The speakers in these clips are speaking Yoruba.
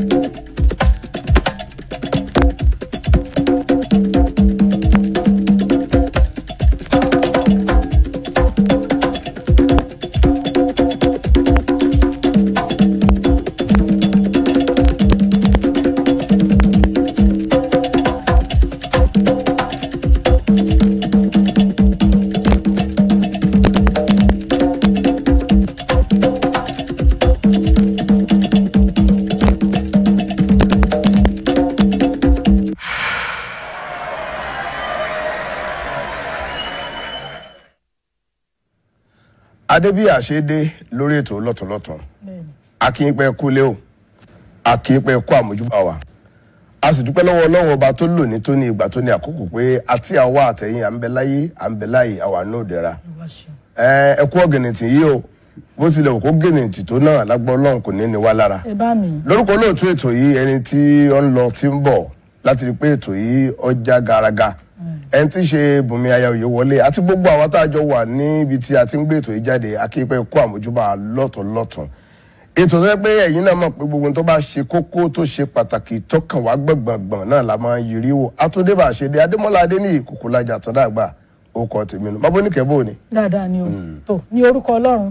Thank you. adébíyà ṣe dé lórí ètò lọ́tọ̀lọ́tọ̀ akínpẹ́ kúlé o akínpẹ́ kó àmójúbà wa a sì dúpẹ́ lọ́wọ́ ọlọ́run ọba tó lò ní tó ní ìgbà tó ní àkókò pé àti àwa àtẹ̀yìn à ń bẹ láyé à ń bẹ láyé àwa náà dẹ̀ra ẹ ọ̀gẹ̀nìtì yìí o bó tilẹ̀ òkú gẹ̀nìtì tó náà lágbọ́ ọlọ́run kò ní ní wá lára lórúkọ olóòtú ètò yìí ẹni tí ó ń lọ tí ń bọ̀ láti rí pé ètò yìí ó garaga ẹni tí ṣe Bùnmi aya Oyèwọlé àti gbogbo àwọn tá a jọ wà níbi tí a ti ń gbé ètò yìí jáde akéèpẹ́ kó àmójúbà lọ́tọ̀lọ́tọ̀ ètò tó yẹ pé ẹ̀yin náà mọ̀ pé gbogbo tó bá ṣe kókó tó ṣe pàtàkì tó wá gbọ̀ngbọ̀ngbọ̀n náà la máa ń yiri wò àtúndébà ṣèdè Adémọ́lá Adéníyì Kòkòlájà àtọ́dàgbà orúkọ tèmi nù mabonike bò ni. dáadáa ni o hmm. tó ní orúkọ Ọlọ́run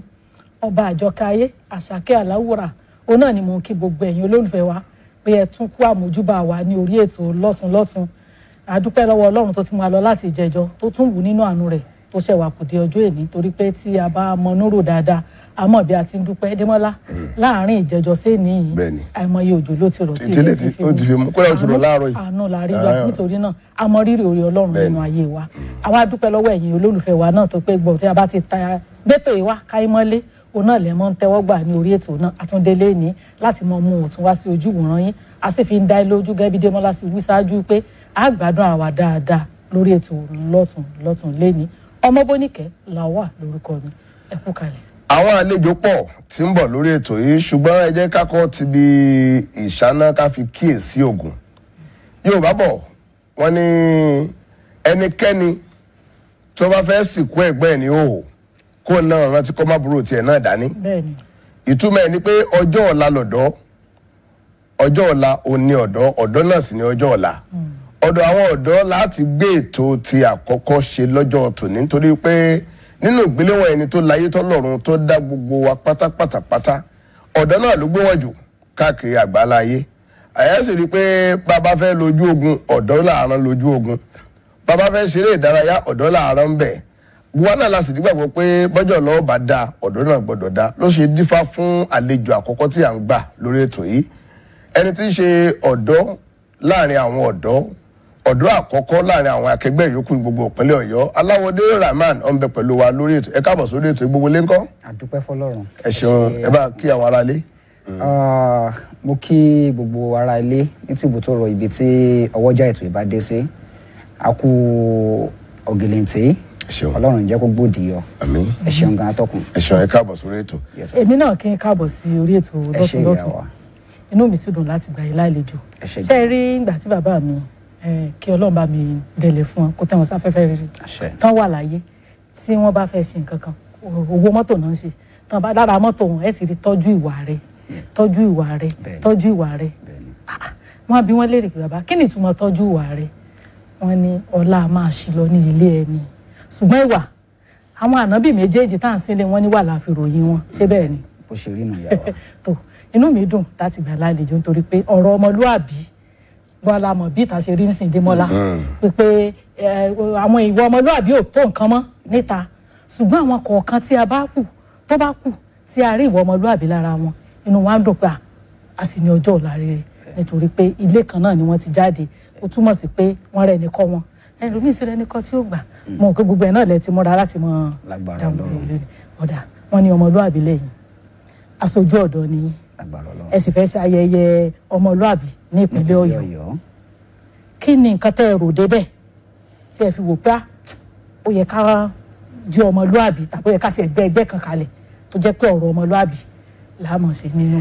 ọba àjọkáyé àṣàkẹ́ aláwòrà òun náà ni mò ń kí gbogbo ẹ̀yin olólùfẹ́ wa pé ẹ tún kú àmójúbà wa ní orí ètò lọ́tùnlọ́tùn àdúpẹ́ lọ́wọ́ ọlọ́run tó ti mú wa lọ láti ìjẹjọ́ tó tún wù nínú àánú rẹ̀ tó ṣẹ̀ wà kùdí ọjọ́ èní torí pé tí a bá mọ nóró dáadáa a mọ̀ bí a ti ń dúpẹ́ démọ́lá hmm. láàárín ìjẹjọ́ sẹ́ni yìí àìmọye òjò ló ti rọ̀ tí ilé ti fi mú kódà òjò láàárọ̀ yìí àánú la rí wa ah. nítorí náà a mọ rírì orí ọlọ́run nínú ayé wa àwa hmm. dúpẹ́ lọ́wọ́ ẹ̀yin olólùfẹ́ wa náà tó pé gbọ̀ tí a bá ti ta gbẹ́tò ìwá káyímọ́lé òun náà lè mọ́ ń tẹ́wọ́ gbà ní orí ètò náà àtúndélé ní láti mọ mú òtún wá sí ojú wòran yín a sì fi ń dá ilé gẹ́bí démọ́lá sí wí ṣáájú pé á gbádùn ara wa dáadáa lórí ètò lọ́tùn lọ́tùn lẹ́ni ọmọbóníkẹ́ la wà lórúkọ mi ẹ kú kalẹ̀. àwọn àlejò pọ̀ tí ń bọ̀ lórí ètò yìí ṣùgbọ́n ẹ jẹ́ kákọ́ ti bi ìṣáná ká fi kíyèsí ògùn yorùbá bọ̀ wọ́n ní ẹnikẹ́ni tó bá fẹ́ sìnkú ẹ̀gbọ́n ẹ̀ ní òhò kó náà rántí kó má burú tiẹ̀ náà dání ìtumọ̀ ẹ̀ ni pé ọjọ́ ọ̀la lọ̀dọ́ ọjọ́ ọ̀la òní ọ̀dọ́ ọ̀dọ́ náà sì ni ọjọ́ ọ̀la. Mm ọ̀dọ̀ àwọn ọ̀dọ́ láti gbé ètò ti àkọ́kọ́ ṣe lọ́jọ́ tòní nítorí pé nínú ìgbéléwọ̀n ẹni tó láyé tọ́lọ́run tó dá gbogbo wa pátápátápátá ọ̀dọ́ náà ló gbé wọn jù káàkiri àgbáláyé àyà sì rí i pé bàbá fẹ́ lójú ogun ọ̀dọ́ làárọ̀ lójú ogun bàbá fẹ́ ṣeré ìdárayá ọ̀dọ́ làárọ̀ ń wọn náà la sì ti gbàgbọ́ pé bọ́jọ́ lọ́wọ́ bá dáa ọ̀dọ́ náà gbọ́dọ̀ dáa ló ṣe dífá fún àlejò àkọ́kọ́ tí à ń gbà lórí ètò yìí ẹni tí í ṣe ọ̀dọ́ láàrin àwọn ọ̀dọ́ ọ̀dọ́ àkọ́kọ́ láàrin àwọn akẹgbẹ́ ìyókù gbogbo ìpínlẹ̀ ọ̀yọ́ aláwọ̀dé rahman ó ń wa lórí ètò ẹ káàbọ̀ sórí ètò gbogbo lé ńkọ́. àdúpẹ́ fọlọ́run. ẹ ṣeun ẹ bá kí àwọn ará ilé. Mm. Ah, mo kí gbogbo ará ilé ní tìbú tó rọ ibi tí ọwọ́jà ètò ìbá dé sí a kú ọ̀gẹ̀lẹ̀ǹtì ọlọ́run jẹ́ kó gbòdì yọ ẹ ṣeun gan atọ́kùn. ẹ ṣeun ẹ káàbọ̀ sórí ètò. èmi náà kí n káàbọ̀ sí orí ètò lọ́tùlọ́tù inú mi sì dùn láti gbà yín ṣe é rí ìgbà tí bàbá mi kí Ọlọ́run bá mi dẹ̀lẹ̀ fún wọn kó tẹ́ wọn sáfẹ́fẹ́ rere tán wà láyé tí wọ́n bá fẹ́ ṣe nǹkan kan owó mọ́tò náà ṣe tán bá lára mọ́tò wọn ẹ̀ ti rí tọ́jú ìwà rẹ̀ tọ́jú ìwà rẹ̀ tọ́jú ìwà rẹ̀ ah, wọ́n bí wọ́n léèrè pé bàbá kí ni ìtumọ̀ tọ́jú ìwà rẹ̀ wọ́n ní ọlá máa ṣì lọ ní ilé ẹni ṣùgbọ́n ìwà àwọn ànábì méjèèjì tá à ń sílé wọn ní wà láfi ròyìn wọn ṣé bẹ́ẹ̀ ni. bó ṣe rí nìyàwó. tó inú mi dùn láti gbà lálejò nítorí pé ọ̀rọ̀ ọmọlúàbí bọ́lá mọ̀ bí ìtàsí rí ń sìn pé àwọn ìwọ ọmọlúàbí ò tó nǹkan mọ́ níta ṣùgbọ́n àwọn kọ̀ọ̀kan tí a bá kù tó bá kù tí a rí ìwọ ọmọlúàbí lára wọn inú wa ń dùn pé a sì ní ọjọ́ ọ̀la rere nítorí pé ilé kan náà ni wọ́n ti jáde ó túmọ̀ sí pé wọ́n rẹ̀ ní kọ́ wọn ẹlòmíì sí rẹ̀ ní kọ́ tí ó gbà mọ̀ pé gbogbo ẹ̀ náà lẹ ti mọ́ra láti mọ dàmú ọ̀dà wọn ni ọmọlúàbí lẹ́yìn aṣojú ọ̀dọ́ nìyí ẹ sì fẹ́ ṣe ayẹyẹ ọmọlúàbí ní ìpínlẹ̀ ọ̀yọ́ kí ni nǹkan tẹ́ ẹ rò débẹ̀ tí ẹ fi wò pé ah, ó yẹ ká jẹ́ ọmọlúàbí tàbí ó yẹ ká ṣe ẹgbẹ́ ẹgbẹ́ kan kalẹ̀ tó jẹ́ pé ọ̀rọ̀ ọmọlúàbí là sí nínú.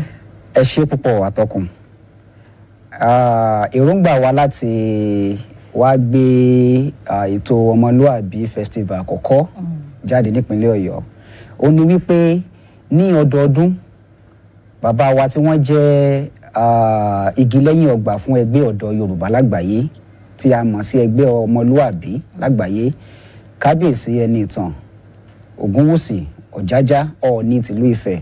ẹ ṣe púpọ̀ àtọkùn èròǹgbà wa láti wá gbé ètò ọmọlúàbí festival àkọ́kọ́ mm. jáde nípínlẹ̀ ọ̀yọ́ ó ní wípé ní ọdọọdún bàbá wa tí wọ́n jẹ́ igi lẹ́yìn ọgbà fún ẹgbẹ́ ọ̀dọ́ Yorùbá lágbàáyé tí a mọ̀ sí ẹgbẹ́ ọmọlúàbí lágbàáyé kábíyèsí ẹni ìtàn Ògúnwùsì Ọ̀jájá Ọọ̀ni tìlú Ifẹ̀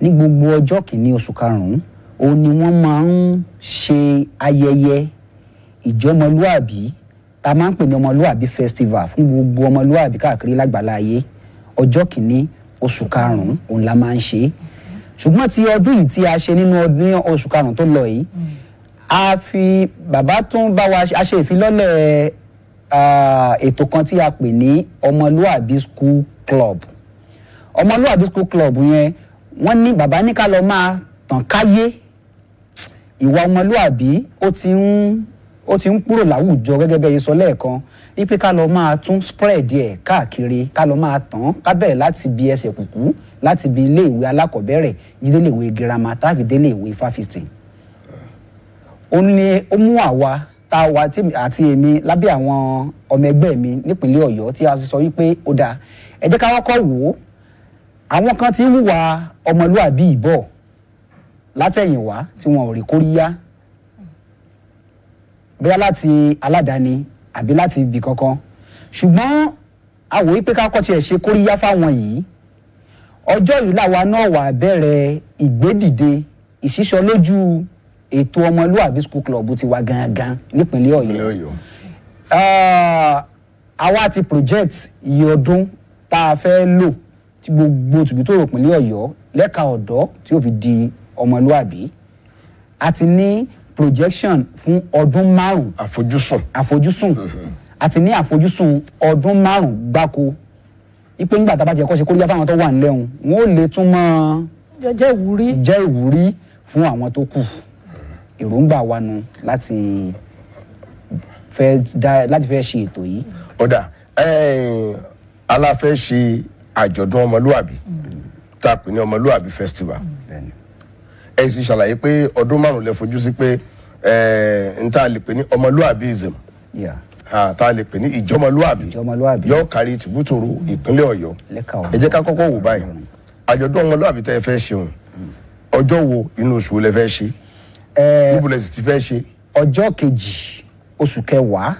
ní gbogbo ọjọ́ kìíní oṣù karùn-ún òun ni wọ́n máa ń ṣe ayẹyẹ ìjọmọlúàbí ta máa ń pè ní ọmọlúàbí festival fún gbogbo ọmọlúàbí káàkiri lágbàlá ayé ọjọ́ kìíní oṣù karùn-ún òun la máa ń ṣe é ṣùgbọ́n ti ọdún yìí tí a ṣe nínú ọdún oṣù karùn-ún tó lọ yìí hmm. a fi bàbá tó ń bá wa a ṣe ìfilọ́lẹ̀ ètò kan tí a pè ní ọmọlúàbí school club ọmọlúàbí school club yẹn wọ́n ní bàbá ní ká lọ máa tàn káyé ìwà ọmọlúàbí ó ti ń ó kúrò láwùjọ gẹ́gẹ́ bẹ́ẹ̀ sọ lẹ́ẹ̀kan wípé ká lọ máa tún spread ẹ̀ káàkiri ká lọ máa tàn ká bẹ̀rẹ̀ láti bi ẹsẹ̀ kùkú láti bi iléèwé alákọ̀ọ́bẹ̀rẹ̀ ìdíléèwé girama táfi déléèwé fáfitì. ó ní ó mú àwa tá a wà àti èmi lábẹ́ àwọn ọmọ ẹgbẹ́ mi nípínlẹ̀ ọ̀yọ́ tí a sọ wípé ó dáa ẹ jẹ́ ká kọ́kọ́ wò ó àwọn kan ti ń hùwà ọmọlúàbí ìbọ̀ látẹ̀yìnwá tí wọn ò rí kóríyá bóyá aládàáni àbí láti ibì kankan ṣùgbọ́n àwòrán pé ká kọ́ tiẹ̀ ṣe kóríyá fáwọn yìí ọjọ́ yìí làwa náà wà bẹ̀rẹ̀ ìgbédìde ìṣísọ lójú ètò ọmọlúwàbí school club ti wà gangan nípínlẹ̀ ọ̀yọ́ ah, àwa ti project iye ọdún tá a fẹ́ lò tí gbogbo tùbí tó ròpínlẹ̀ ọ̀yọ́ lẹ́ka ọ̀dọ́ tí ó fi di ọmọlúwàbí àti ní projection fún ọdún márùn. àfojúsùn. àfojúsùn àti mm-hmm. ní àfojúsùn ọdún márùn gbáko ipe nígbà tá a bá jẹ kọ́ ṣe kóríyá fáwọn tó wà nílẹ̀ òun wọn ò lè tún mọ́. jẹ́ ìwúrí. jẹ́ ìwúrí fún àwọn tó kù èròǹgbà wa nu láti fẹ́ da láti fẹ́ ṣe ètò yìí. ọ̀dà eh, aláfẹ́ ṣe àjọ̀dún ọmọlúàbí mm. tá a pè ní ọmọlúàbí festival. Mm ẹ sì ṣàlàyé pé ọdún márùn lẹ fojú sí pé n ta lè pè ní ọmọlúàbíism ta lè pè ní ìjọmọlúàbí yóò kárí tìbútòrò ìpínlẹ̀ Ọ̀yọ́ ẹ jẹ́ ká kọ́kọ́ wò báyìí mm. àjọ̀dún ọmọlúàbí tẹ́ ẹ fẹ́ ṣeun mm. ọjọ́ wo inú oṣù lẹ fẹ́ ṣe níbo lẹ sì ti fẹ́ ṣe. ọjọ́ kejì oṣù kẹwàá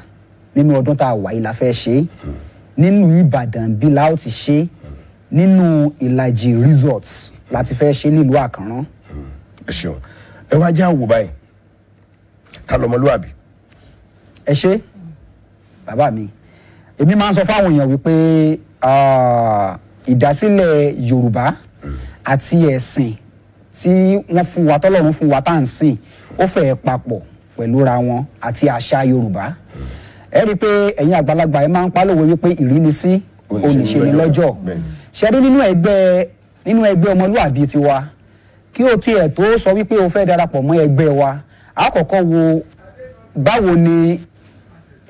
nínú ọdún tá a wà yìí la fẹ́ ṣe mm. nínú Ìbàdàn bí la ti ṣe nínú ìlàjì resorts láti fẹ́ ṣe nílùú Àkànrán ẹ ṣeun ẹ wá já wò báyìí ta lọmọlúwàbí. ẹ ṣe bàbá mi èmi máa ń sọ fáwọn èèyàn wípé ìdásílẹ̀ yorùbá àti ẹ̀sìn tí wọ́n fún wa tọ́lọ́run fún wa tá à ń sìn ó fẹ́ẹ́ papọ̀ pẹ̀lúra wọn àti àṣà yorùbá ẹ rí i pé ẹ̀yin àgbàlagbà ẹ máa ń pálòwe wípé ìrínisí oníṣẹ́ni lọ́jọ́ ṣe nínú ẹgbẹ́ nínú ẹgbẹ́ ọmọlúwàbí tiwa kí o tiẹ̀ tó sọ wípé o fẹ́ darapọ̀ mọ́ ẹgbẹ́ wa àkọ́kọ́ wo báwo ni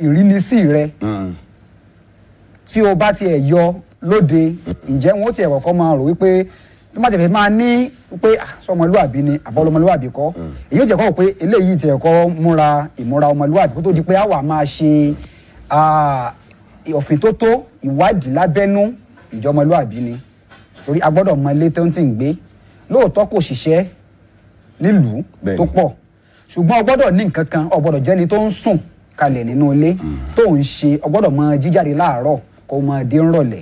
ìrínisí rẹ hmm. tí o bá tiẹ̀ yọ lóde ǹjẹ́ wọn ó tiẹ̀ kọ́kọ́ máa rò wípé tó má tẹ̀fẹ̀ máa ní pé sọmọlúwàbí ni àbọ̀ ọmọlúwàbí kọ́ hmm. èyí ò jẹ́ kọ́ pé eléyìí tiẹ̀ kọ́ múra ìmúra ọmọlúwàbí kó tó di pé àwa máa ṣe òfìtótó ìwádìí lábẹ́nú ìjọmọlúwàbí ni torí a gbọ́dọ̀ mọ ilé tó ń tì ń gbé lóòótọ́ kò ṣiṣẹ́ nílùú tó pọ̀ ṣùgbọ́n o gbọ́dọ̀ ní nǹkan kan o gbọ́dọ̀ jẹ́ni tó ń sùn kalẹ̀ nínú ilé mm. tó ń ṣe o gbọ́dọ̀ mọ jíjáde láàárọ̀ kó mọ dé ń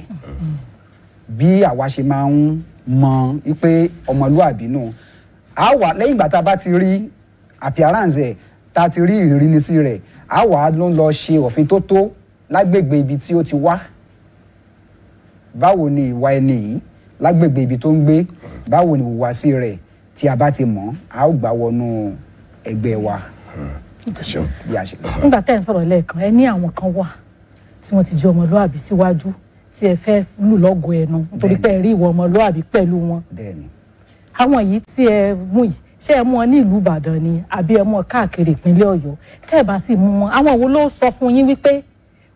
bí àwa ṣe máa ń mọ wípé ọmọlúàbí nù á wà lẹ́yìn ìgbà tá a bá ti rí appearance ẹ̀ tá a ti rí ìrínisí rẹ̀ á wà ló ń lọ ṣe òfin tó tó lágbègbè ibi tí ó ti wá báwo ni ìwà ẹni yìí lágbègbè ibi tó ń gbé báwo ni ìhùwàsí rẹ̀ tí a bá ti mọ̀ a ó gbà wọnú ẹgbẹ́ wa. nígbà tẹ́ ẹ̀ ń sọ̀rọ̀ lẹ́ẹ̀kan ẹ ní àwọn kan wà tí wọ́n ti jẹ́ ọmọlúwàbí síwájú tí ẹ fẹ́ lù lọ́gọ̀ọ́ ẹnu nítorí pé ẹ rí ìwọ ọmọlúwàbí pẹ̀lú wọn. àwọn yìí tí ẹ mú yìí ṣé ẹ mú ọ ní ìlú Ìbàdàn ni àbí ẹ mú ọ káàkiri ìpínlẹ̀ Ọ̀yọ́ tẹ́ ẹ bá sì mú wọn àwọn wo ló sọ fún yín wípé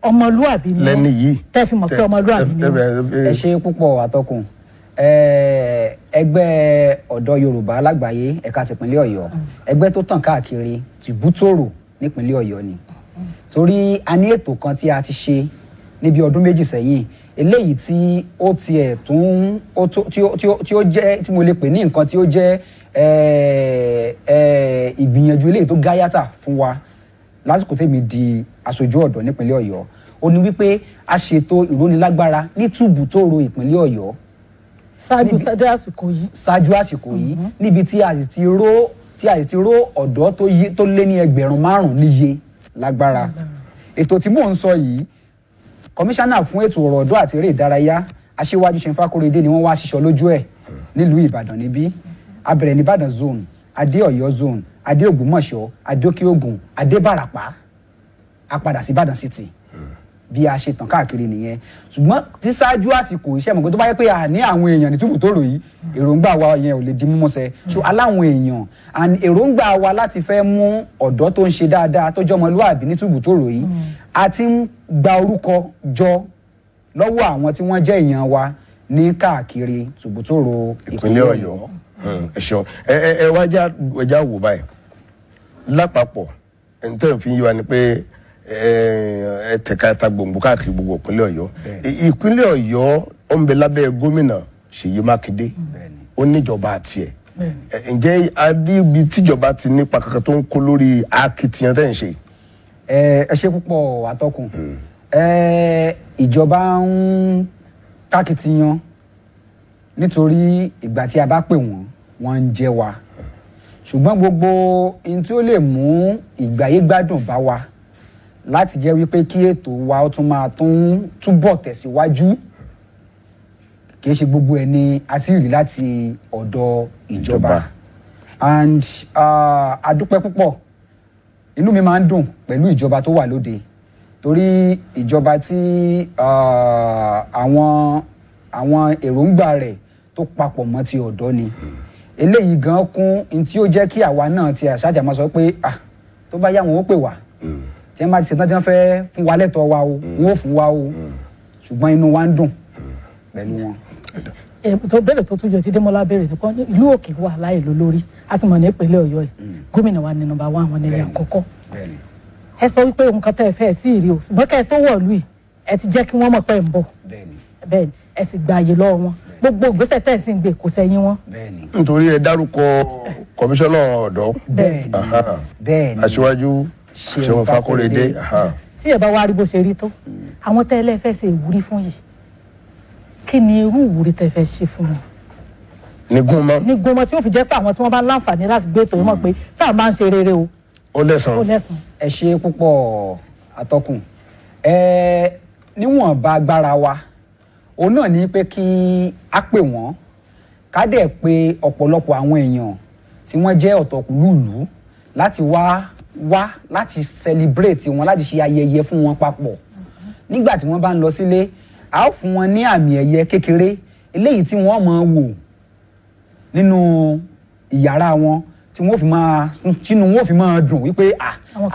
ọmọlúwàbí ni wọn tẹ́ fi mọ̀ pé ọmọlúwàbí ni wọn. ẹ ṣe púpọ̀ àtọkùn ẹgbẹ́ ọ̀dọ́ Yorùbá lágbàáyé ẹ̀ka tìpínlẹ̀ Ọ̀yọ́ ẹgbẹ́ tó tàn káàkiri tìbútòrò nípínlẹ̀ Ọ̀yọ́ ni torí a ní ètò kan tí a ti ṣe níbi ọdún méjì sẹ́yìn eléyìí tí ó tiẹ̀ tún tí ó jẹ́ tí mo lè pè ní nǹkan tí ó jẹ́ ìgbìyànjú eléyìí tó gáyàtà fún wa lásìkò tèmi di aṣojú ọ̀dọ́ nípínlẹ̀ Ọ̀yọ́ ó ní wípé a ṣètò ìrónilágbára ní túbùtòrò ìpínlẹ̀ Ọ̀yọ́ ṣáájú àsìkò yìí ṣáájú àsìkò yìí mm-hmm. níbi tí a sì ti ró tí a sì ti ró ọ̀dọ́ tó lé ní ẹgbẹ̀rún márùn-ún níye lágbára ètò tí mò ń sọ yìí kọmíṣánná fún ètò ọ̀rọ̀ ọ̀dọ́ àti eré ìdárayá aṣíwájú ṣẹ̀n fákóredé ni wọ́n wá ṣiṣọ́ lójú ẹ̀ nílùú ìbàdàn níbí abẹ̀rẹ̀ nìbàdàn zone adé ọ̀yọ́ zone adé ògbómọ̀ṣọ́ adókè ògùn adé bàràpá sí ìbàdàn city bí a ṣe tàn káàkiri nìyẹn ṣùgbọ́n tí ṣáájú àsìkò iṣẹ́ mọ̀ pé tó bá yẹ pé a ní àwọn èèyàn ní túbù tó rò yìí èròǹgbà wa yẹn ò lè di mímú ṣẹ so aláwọn èèyàn and èròǹgbà wa láti fẹ́ mú ọ̀dọ́ tó ń ṣe dáadáa tó jọmọ lúàbí ní túbù tó rò yìí mm. a ti ń gba orúkọ jọ lọ́wọ́ àwọn tí wọ́n jẹ́ èèyàn wa ní káàkiri túbù ìpínlẹ̀ ọ̀yọ́ hmm, ẹ ẹ Eh, ẹtẹkata gbòǹgbò káàkiri gbogbo ìpínlẹ̀ Ọ̀yọ́ ìpínlẹ̀ Ọ̀yọ́ ó ń bẹ lábẹ́ gómìnà Ṣèyí Mákindé ó níjọba tiẹ̀ eh, ǹjẹ́ adébí tíjọba ti nípa kankan tó ń kó lórí akitiyan tẹ́ ń ṣe. Eh, ẹ ṣe púpọ̀ atọ́kùn hmm. ìjọba ń kákitiyan nítorí ìgbà tí a bá pè wọ́n wọ́n ń jẹ́ wa ṣùgbọ́n gbogbo ohun tí ó lè mú ìgbáyégbádùn bá wa. Mm láti jẹ́ wípé kí ètò wa ó tún máa tún túbọ̀ tẹ̀síwájú kì í ṣe gbogbo ẹ̀ ni a ti rí láti ọ̀dọ̀ ìjọba and uh, adúpẹ́ púpọ̀ inú mi máa ń dùn pẹ̀lú ìjọba tó wà lóde torí ìjọba tí uh, àwọn àwọn èròǹgbà rẹ̀ tó papọ̀ mọ́ ti ọ̀dọ́ ni eléyìí gan kún ní tí ó jẹ́ kí àwa náà ti àṣàjà máa pé ah tó bá yá wọn ó pè wá. Mm tí wọ́n bá ti ṣetán tí wọ́n fẹ́ fún wa lẹ́tọ̀ọ́ wa o mm. wọ́n ò fún wa o mm. ṣùgbọ́n inú wa ń dùn pẹ̀lú wọn. tó bẹ̀rẹ̀ tó tún yọ ti Démọ́lá bẹ̀rẹ̀ nìkan ìlú òkè wà láì ló lórí a ti mọ̀ ní ìpínlẹ̀ Ọ̀yọ́ yìí mm. gómìnà wa ní nọ́mbà wa àwọn nílẹ̀ àkọ́kọ́ ẹ sọ wípé nǹkan tẹ́ ẹ fẹ́ ẹ tí ì rí o ṣùgbọ́n kẹ́ ẹ tó wọ̀lú yìí ẹ ti jẹ́ kí wọ́n mọ̀ pé ń bọ̀ ẹ ti gba àyè lọ́wọ́ wọn gbogbo ìgbésẹ̀ tẹ́ ẹ gbé kò sẹ́yìn wọn. nítorí ẹ dárúkọ kọmíṣánná ọ̀dọ́ aṣíwájú Ṣeun Fakorede tí ẹ bá wá rí bó ṣe rí tó àwọn tẹ́ ẹ lẹ́fẹ́ ṣe ìwúrí fún yìí kí ni irú ìwúrí tẹ́ fẹ́ ṣe fún wọn. ní gúnmọ́ ní gúnmọ́ tí yóò fi jẹ́ pé àwọn tí wọ́n bá láǹfààní láti gbé ètò mọ̀ pé táà máa ń ṣe rere o. ó lẹ́sàn-án ó lẹ́sàn-án. ẹ ṣe púpọ̀ atọ́kùn ẹ níwọ̀nba agbára wa òun náà ní pé kí á pè wọ́n ká dẹ̀ pé ọ̀pọ̀lọpọ̀ àwọn èèyàn tí wọ́n jẹ́ ọ̀tọ̀kùlú ìlú láti wá wá láti celebrate wọn láti ṣe ayẹyẹ fún wọn papọ̀ nígbà tí wọ́n bá ń lọ sílé a ó fún wọn ní àmì ẹ̀yẹ kékeré eléyìí tí wọ́n máa wò nínú ìyàrá wọn tí wọ́n fi máa tínú wọ́n fi máa dùn wípé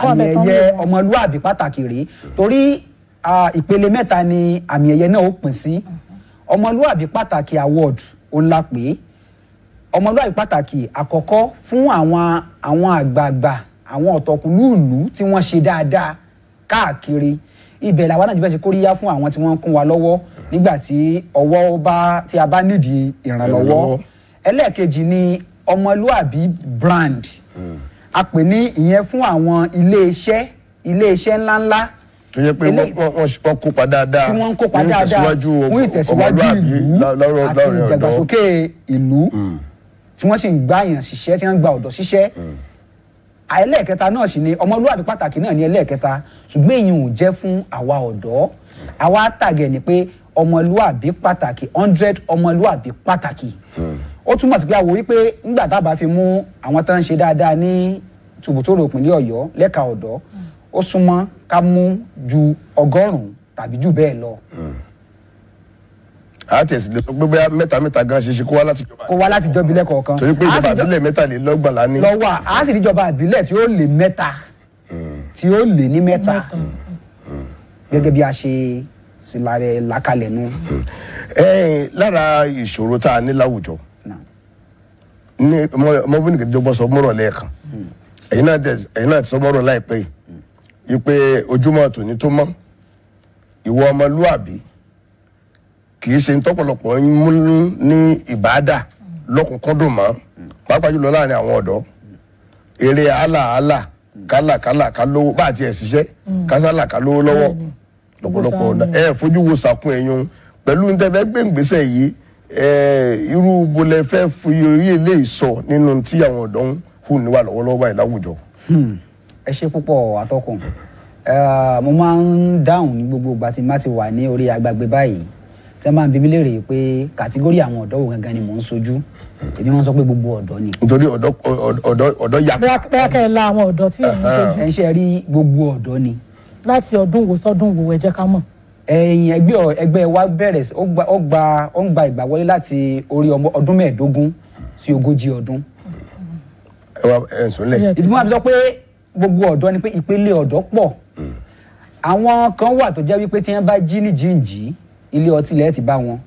àmì ẹ̀yẹ ọmọlúàbí pàtàkì rèé torí ìpele mẹ́ta ni àmì ẹ̀yẹ náà ó pín sí ọmọlúàbí pàtàkì award òun la pè é ọmọlúàbí pàtàkì àkọ́kọ́ fún àwọn àwọn àgbààgbà àwọn ọ̀tọ̀kùlúùlú tí wọ́n ṣe dáadáa káàkiri ibẹ̀ làwọn náà ti fẹ́ ṣe kóríyá fún àwọn tí wọ́n ń kún wa lọ́wọ́ nígbà tí ọwọ́ bá tí a bá nídìí ìrànlọ́wọ́ ẹlẹ́ẹ̀kejì ni ọmọlúàbí brand hmm. a pè ní ìyẹn fún àwọn iléeṣẹ́ iléeṣẹ́ ńláńlá tó yẹ pé wọ́n kópa dáadáa tí wọ́n kópa dáadáa fún ìtẹ̀síwájú ìlú àti ìdàgbàsókè ìlú hmm. tí wọ́n sì ń gbà yàn ṣiṣẹ́ tí wọ́n ń gba ọ̀dọ́ ṣiṣẹ́ hmm ẹlẹ́ẹ̀kẹta náà sì ni ọmọlúwàbí pàtàkì náà ni ẹlẹ́ẹ̀kẹta ṣùgbọ́n èyí ò jẹ́ fún àwa ọ̀dọ́ àwa tàgẹ̀ ni pé ọmọlúwàbí pàtàkì hundred ọmọlúwàbí pàtàkì hmm. ó túmọ̀ sí pé àwọ̀ wípé nígbà tá a bá fi mú àwọn tó ń ṣe dáadáa ní tòbótòrò ìpínlẹ̀ ọ̀yọ́ lẹ́ka ọ̀dọ́ ó súnmọ́ ká mú ju ọgọ́rùn-ún tàbí jù bẹ́ẹ̀ lọ. Hmm àti ẹ̀sìn lè sọ pé bóyá mẹ́ta mẹ́ta gan ṣe ṣe kó wá láti jọba. kó wá láti jọba ilẹ̀ kọ̀ọ̀kan. torí pé ìjọba àbílẹ̀ mẹ́tàlélọ́gbọ̀n la ní. lọ́wọ́ a sì ní ìjọba àbílẹ̀ tí ó lé mẹ́ta tí ó lé ní mẹ́ta mm. gẹ́gẹ́ bí a ṣe sì làkalẹ̀ nu. lára ìṣòro tá a ní láwùjọ ní ọmọbìnrin kìí jọgbọ́n sọ mọ́rọ̀ lẹ́ẹ̀kan mm. ẹ̀yin náà ti sọ mọ́rọ̀ láìpẹ́ yìí mm. pé ojúmọ́ tòní tó mọ́ ìwọ ọmọlúàbí kì í ṣe tọ́pọ̀lọpọ̀ ń mú ní ìbáàdà lọ́kùnkúndùn mọ́ pàápàá jùlọ láàrin àwọn ọ̀dọ́ eré àlàálà kálàkálà kálówó bá àti ẹ̀ ṣiṣẹ́ mm. kásálà kálówó lọ́wọ́ lọ́pọ̀lọpọ̀ ọ̀nà ẹ fojú wo sàkún ẹ̀yún pẹ̀lú ní tẹ́fẹ́ gbé ìgbésẹ̀ yìí irú bolẹ̀ fẹ́ fi orí eléyìí sọ nínú tí àwọn ọ̀dọ́ ń hù níwà lọ́wọ́lọ́wọ́ báyìí láwùjọ. Hmm. ẹ ṣe púpọ̀ atọ́kùn mo máa ń dáhùn ní gbogbo ìgbà má ti wà ní orí agbágbé báyìí tí a máa ń bíbí léèrè pé kàtígórì àwọn ọ̀dọ́ wo gangan ni mò ń sojú èmi wọn sọ pé gbogbo ọ̀dọ́ ni. nítorí ọ̀dọ́ ọ̀dọ́ ọ̀dọ́ yà. bẹ́ẹ̀ kẹ́ ẹ la àwọn ọ̀dọ́ tí èmi sojú. ẹ ń ṣe rí gbogbo ọ̀dọ́ ni. láti ọdún wo sọdún wo ẹ jẹ́ ká mọ̀. ẹ̀yin ẹgbẹ́ ẹgbẹ́ wa bẹ̀rẹ̀ ó gba ó gba ó ń gba ìgbàwọlé láti orí ọmọ ọdún mẹ́ẹ̀ẹ́dógún sí ogójì ọdún. ẹ wá ẹ sùn lẹ. ìdí wọn fi sọ pé gbogbo ọ̀dọ́ ni pé ìpele ọ̀dọ́ pọ̀ hmm. àwọn kan wà tó jẹ́ wípé tí wọ́n bá jí ní ilé ọtí lẹ́ẹ̀ ti bá wọn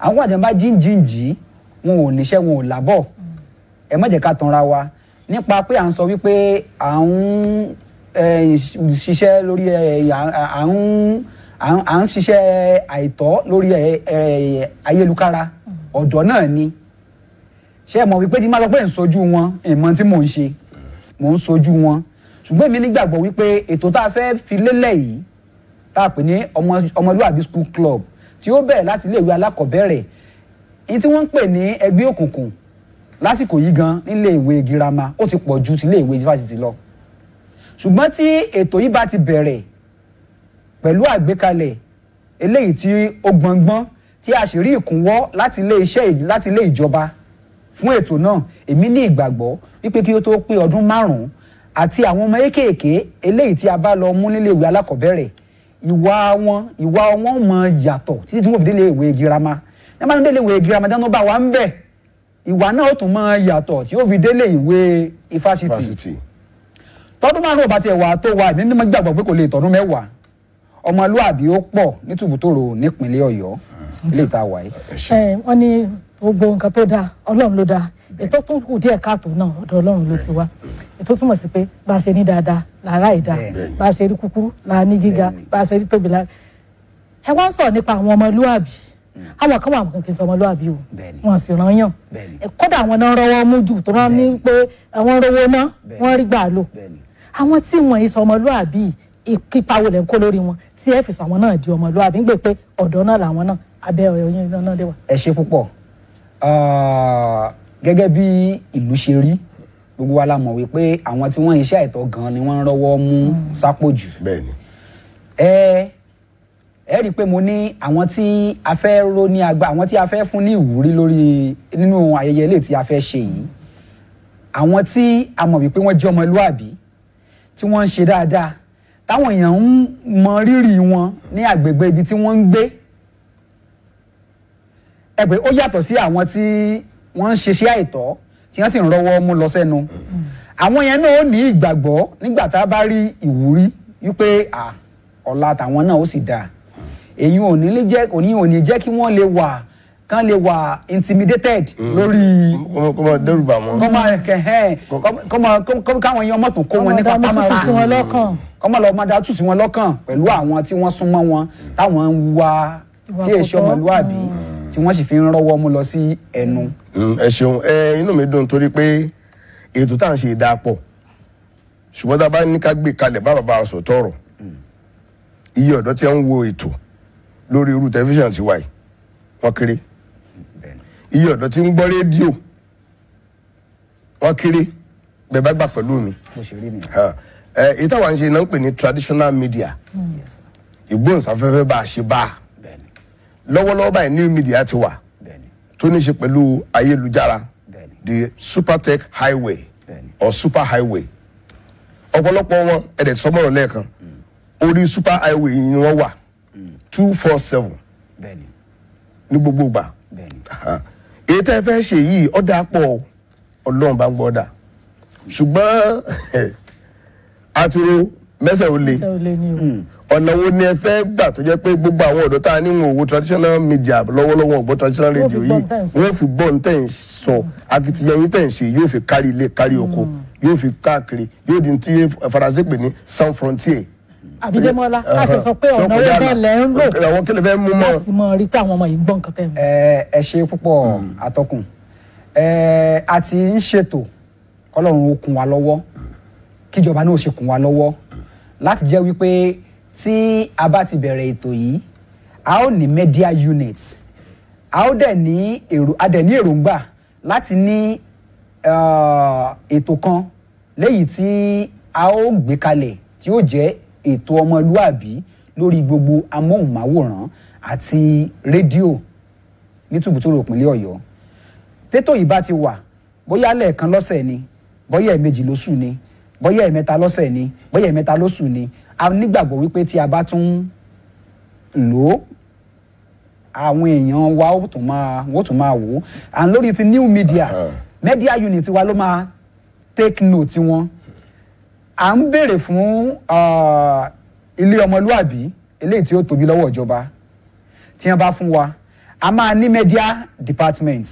àwọn àti wọn bá jíǹjìǹjì wọn ò níṣẹ́ wọn ò lábọ̀ ẹ má jẹ́ ká tanra wa nípa pé à ń sọ wípé à ń ṣiṣẹ́ lórí à ń ṣiṣẹ́ àìtọ́ lórí ayélukára ọ̀dọ́ náà ni ṣé ẹ mọ̀ wípé tí máa lọ pé ń sojú wọn ìmọ̀ tí mò ń ṣe mò ń sojú wọn ṣùgbọ́n èmi nígbàgbọ́ wípé ètò tá a fẹ́ fi lélẹ̀ yìí tá a pè ní ọmọlúwàbí school club tí ó bẹ̀rẹ̀ láti iléèwé alákọ̀ọ́bẹ̀rẹ̀ ní tí wọ́n ń pè ní ẹgbẹ́ òkùnkùn lásìkò yìí gan níléèwé girama ó ti pọ̀ ju tiléèwé fásitì lọ ṣùgbọ́n tí ètò yìí bá ti bẹ̀rẹ̀ pẹ̀lú àgbékalẹ̀ eléyìí tí ó gbọ̀ngbọ́n tí a sì rí ìkúnwọ́ láti ilé iṣẹ́ láti ilé ìjọba fún ètò náà èmi ní ìgbàgbọ́ wípé kí ó tó pé ọdún márùn-ún àti àwọn ọmọ ékèèké eléyìí tí a bá lọ mú níléèwé alákọ̀ọ́bẹ̀rẹ̀ ìwà wọn ìwà wọn mọ yàtọ̀ títí tí wọn fi délé ìwé girama ẹ máa ń délé ìwé girama dáná bá wa ń bẹ ìwà náà ó tún mọ yàtọ̀ tí ó fi délé ìwé ifásitì tọdún márùn ọba tiẹ̀ wà tó wà ní mímọ́ gbàgbọ́ pé kò lè tọdún mẹ́wàá ọmọlúàbí ó pọ̀ ní tùbútòrò nípínlẹ̀ ọ̀yọ́ ilé ìta wà yìí. wọ́n ní gbogbo nǹkan tó dáa ọlọ́run ló dáa ètò tó kù díẹ̀ káàtó náà ọ̀dọ̀ ọlọ́run ló ti wá ètò túmọ̀ sí pé bá a ṣe ní dáadáa lára ìdá bá a ṣe rí kúkúrú lára ní gíga bá a ṣe rí tóbi lára ẹ wá ń sọ̀rọ̀ nípa àwọn ọmọlúàbí mm. àwọn kan wà kò kì í sọ ọmọlúàbí o wọn sì ràn yàn kódà àwọn náà rọwọ́ mú jù tó rán ní pé àwọn rówó náà wọ́n rí gbà lò àwọn tí wọ́n yìí sọ ọmọlúàbí ipa wo lẹ̀ ń kó lórí wọn tí ẹ fi sọ àwọn náà di ọmọlúàbí ń gbé pé ọ̀dọ́ náà làwọn náà abẹ́ ọ̀yọ́ náà dé wà. ẹ ṣe púpọ̀ ah, gẹ́gẹ́ bí ìlú ṣe rí gbogbo wa la mọ̀ wípé àwọn tí wọ́n iṣẹ́ àìtọ́ gan ni wọ́n ń rọ́wọ́ mú sápò jù. bẹ́ẹ̀ni. ẹ ẹ rí i pé mo ní àwọn tí a fẹ́ ró ní agba àwọn tí a fẹ́ fún ní ìwúrí lórí nínú ayẹyẹ ilé tí a fẹ́ ṣe yìí àwọn tí a mọ̀ wípé wọ́n jẹ́ ọmọlúàbí tí wọ́n ń ṣe dáadáa táwọn èèyàn ń mọ rírì wọn ní àgbègbè ibi tí wọ́n ń gbé ẹ pé ó yàtọ̀ sí àwọn tí wọ́n ń ṣiṣẹ́ àìtọ́ tí wọ́n sì ń rọwọ́ mú lọ sẹ́nu mm. àwọn yẹn náà ó ní ìgbàgbọ́ nígbà tá a bá rí ìwúrí wípé ọ̀la tàwọn náà ó sì dáa èyí ò ní lè jẹ́ òní ò ní jẹ́ kí wọ́n lè wà kán lè wà intimidated mm. lórí. kọ́ máa dẹ́rù bà wọ́n. kọ́ máa kẹ̀hẹ́ kọ́ máa káwọn èèyàn mọ̀tò kó wọn nípa pamara kọ́ máa lọ máa da tútù wọn lọ́kàn pẹ̀lú àwọn tí wọ́n súnmọ́ wọn táwọn ń wa tí èso ọmọlúwàbí. Mm tí wọ́n sì fi ń rọ́wọ́ mú lọ sí ẹnu. Mm, ẹ ṣeun ẹ inú mi dùn torí pé ètò tá à ń ṣe dáa ṣùgbọ́n tá a bá ní ká gbé kalẹ̀ bá bàbá sọ tọrọ iye ọ̀dọ́ tí ń wo ètò lórí irú tẹlifíṣàn ti wà yìí wọ́n kéré iye ọ̀dọ́ tí ń gbọ́ rédíò wọ́n kéré bẹ́ẹ̀ bá gbà pẹ̀lú mi èyí táwọn ṣe náà ń pè ní traditional media mm, ìgbóhùnsáfẹ́fẹ́ bá a ṣe bá a lọ́wọ́lọ́wọ́ báyìí new media ti wà tó ní ṣe pẹ̀lú ayélujára the supertech highway or super highway ọ̀pọ̀lọpọ̀ wọn ẹ̀dẹ̀ tí sọmọ́rọ̀ lẹ́ẹ̀kan mm. orí super highway yìí ni wọ́n wà mm. two four seven ní gbogbo gbà èyí tẹ́ fẹ́ ṣe yìí ọ̀dà pọ̀ ọlọ́run bá ń gbọ́ ọ̀dà mm. ṣùgbọ́n àtúrò mẹ́sẹ̀ ò le ọ̀nà wo ni ẹ fẹ́ gbà tó jẹ́ pé gbogbo àwọn ọ̀dọ́ tá a ní wọn wo traditional media lọ́wọ́lọ́wọ́ ò gbọ́ traditional radio yìí wọ́n fi gbọ́ ntẹ̀ ń sọ akitiyan yín tẹ̀ ń ṣe yóò fi kárí ilé kárí oko hmm. yóò fi káàkiri yóò di ti faransé pè ní sound frontier. àbídẹ́mọ́lá a sì sọ pé ọ̀nà wo bẹ́ẹ̀ lẹ́ ń lò àwọn kílẹ̀ fẹ́ mú mọ́. láti mọ rí pé àwọn ọmọ yìí ń gbọ́ tí a bá ti bẹ̀rẹ̀ ètò yìí a ó ní media unit a ó dẹ̀ ní èrò a dẹ̀ ní èròǹgbà láti ní uh, ètò kan léyìí tí a ó gbé kalẹ̀ tí ó jẹ́ ètò ọmọlúàbí lórí gbogbo amóhùnmáwòrán àti rédíò nítùbútòrò ìpínlẹ̀ Ọ̀yọ́ tétò yìí bá ti wà bóyá lẹ́ẹ̀kan lọ́sẹ̀ ni bóyá ẹ̀ẹ̀mejì lóṣù ni bóyá ẹ̀ẹ̀mẹ́ta lọ́sẹ̀ ni bóyá ẹ̀ẹ̀mẹ́ta lóṣù ni a nígbàgbọ́ wípé tí a bá tún lò ó àwọn èèyàn wa ó tún máa wọ́n tún máa wò ó and lórí ti new media uh-huh. media unit wa ló máa take note wọn à ń béèrè fún ilé ọmọlúàbí eléyìí tí ó tóbi lọ́wọ́ ìjọba tí wọ́n bá fún wa a máa ní media department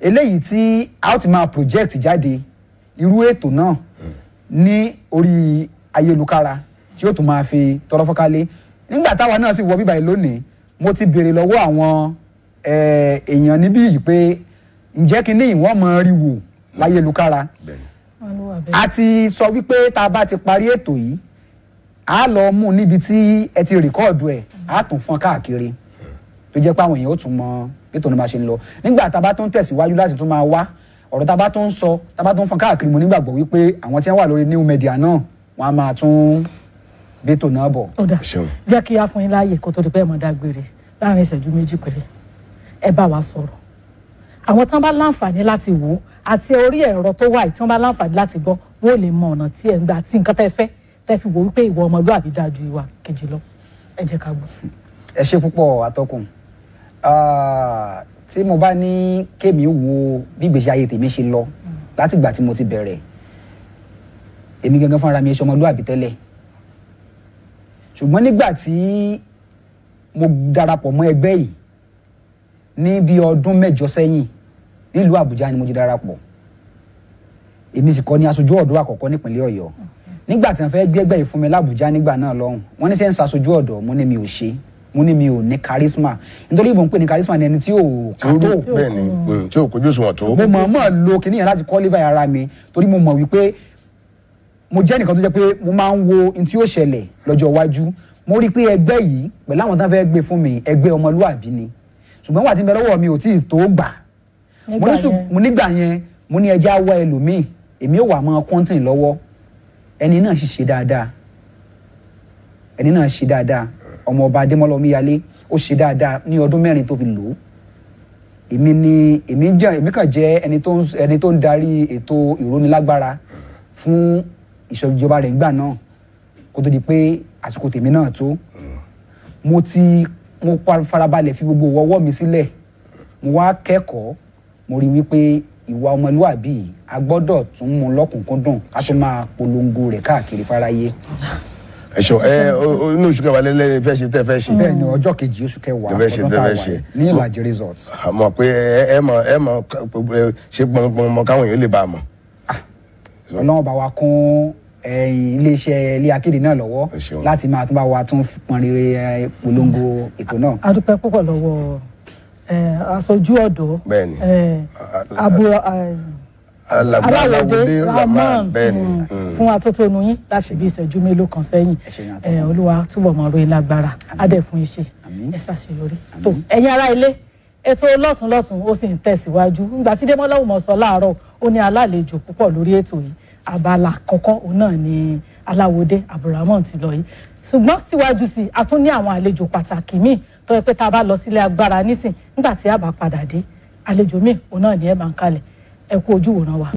eléyìí tí a ó ti máa project jáde irú ètò náà hmm. ní orí ayélukára tí yóò tún máa fi tọrọ fọ́kálé nígbà táwa náà sì wọ bíbá yìí lónìí mo ti béèrè lọ́wọ́ àwọn èèyàn níbí yìí pé ǹjẹ́ kí ní ìwọ́n mọ rí wò láyélukára a ti sọ wípé tá a bá ti parí ètò yìí a lọ mú níbi tí ẹ ti rìkọ́ọ̀dù ẹ̀ a tún fọ́n káàkiri tó jẹ́ pé àwọn èèyàn ó tún mọ ètò náà máa ṣe ń lọ nígbà tá a bá tún tẹ̀síwájú láti tún máa wá ọ̀rọ̀ tá a bá tún sọ tá a bá tún fọ́n káàkiri mo nígbàgbọ́ wípé àwọn tí wọ́n wà lórí new media náà wọ́n á máa tún bẹ́tò náà bọ̀. ó dà jẹ́ kí a fún yín láàyè kó tó di pé ẹ̀ mọ̀ dágbére láàrin ìṣẹ́jú méjì péré ẹ bá wa sọ̀rọ̀ àwọn tán bá láǹfààní láti wò ó àti orí ẹ̀rọ tó wà yìí tán bá láǹfààní láti gbọ́ wọn ò lè mọ ọ̀nà tí ẹ̀ ń gbà tí nǹkan tẹ́ fẹ́ tẹ́ fi wò wípé ìwọ ọmọlúwàbí dáa ju ìwà kejì lọ ẹ jẹ́ ká gbọ́. ẹ ṣe púpọ̀ àtọkùn ah, tí mo bá ní kémi wo bí ìgbésí ayé tèmi ṣe lọ hmm. látìgbà tí mo ti bẹ̀rẹ̀ èmi gangan fúnra mi ẹ ṣe ọmọlúwàbí tẹ́lẹ̀ ṣùgbọ́n nígbà tí mo darapọ̀ mọ́ ẹgbẹ́ yìí ní bí ọdún mẹ́jọ sẹ́yìn nílùú Àbújá ni mo ti darapọ̀ èmi sì kọ́ ní aṣojú ọ̀dọ́ àkọ́kọ́ nípínlẹ̀ Ọ̀yọ́ nígbà tí wọ́n fẹ́ gbé ẹgbẹ́ yìí fún mi l'Àbújá nígbà náà lọ́hùn wọ́n ní sẹ́ ń ṣaṣojú ọ̀dọ́ mo ní mi ò ṣe mo ní mi ò ní charisma nítorí ìbò ń pè ní charisma ni ẹni tí ò ká tó bẹ́ẹ̀ ni tí ò kojú sùn wọ́n mo mọ̀ mọ́ lo kìnìyàn láti qualify ara mi torí mo mọ̀ wípé mo jẹ́ nìkan tó jẹ́ pé mo máa ń wo n tí ó ṣẹlẹ̀ lọ́jọ́ iwájú mo rí i pé ẹgbẹ́ yìí pẹ̀lú àwọn tó fẹ́ gbé fún mi ẹgbẹ́ ọmọlúwàbí ni ṣùgbọ́n wà tí ń bẹ lọ́wọ́ mi ò tí ì tó gbà mo nígbà yẹn mo ní ẹjẹ́ awọ ẹlòmíì èmi ò wà mọ́ kọ́ńtìn lọ́wọ́ ẹni náà sì ṣe dáadáa ẹni náà ṣe dáadáa ọmọ ọba adémọlá omíyalé ó ṣe dáadáa ní ọdún mẹ́rin tó fi lò ó èmi ni èmi kàn jẹ́ ẹni tó ń darí ètò ìrónilágbára fún ìṣèjọba rẹ̀ ńgbà náà kó tó di pé àsìkò tèmi náà tó mo ti mo farabalẹ̀ fi gbogbo ọwọ́ mi sílẹ̀ mo wá kẹ́kọ̀ọ́ mo rí wípé ìwà ọmọlúwàbí a gbọ́dọ̀ tún mú lọ́kùnkúndùn ká tó máa polongo rẹ̀ káàkiri fáráyé. ẹ ṣọ ẹ inú oṣù kẹwàá lẹ́lẹ́ fẹ́ ṣe tẹ́ fẹ́ ṣe. bẹ́ẹ̀ ni ọjọ́ kejì oṣù kẹwàá ọdún tá a wà ní ìlàjì resort. àmọ́ pé ẹ mọ ẹ mọ ṣe gbọmọgbọmọ káwọn èèyàn lè bá a mọ. Ah, ọlọ́run bá wa kún iléeṣẹ́ ilé akéde náà lọ́wọ́ láti máa tún bá wa tún pọn rere polongo ètò náà. a dúpẹ́ púpọ̀ lọ́wọ́ aṣojú ọ̀dọ́ abu aláwọ̀dé rahman fún atótónu yín láti bí ìṣẹ́jú mélòó kan sẹ́yìn olúwa túbọ̀ mọ̀ ọ́ ròyìn lágbára á dẹ̀ fún iṣẹ́ ẹ ṣàṣeyọrí tó ẹ̀yin ará ilé ètò lọ́tùnlọ́tùn ó sì ń tẹ̀síwájú nígbà tí démọ́lá òmò sọ láàárọ̀ ó ní alálejò púpọ̀ lórí ètò yìí abala kọ̀ọ̀kan òun náà ni aláwòdé abdulrahman ti lọ yìí ṣùgbọ́n síwájú sí i a tún ní àwọn àlejò pàtàkì míì tó yẹ pé tá a bá lọ sílé agbára nísìn nígbà tí a bá padà dé àlejò míì òun náà ni ẹ máa ń kalẹ̀ ẹ kú ojú wòran wa.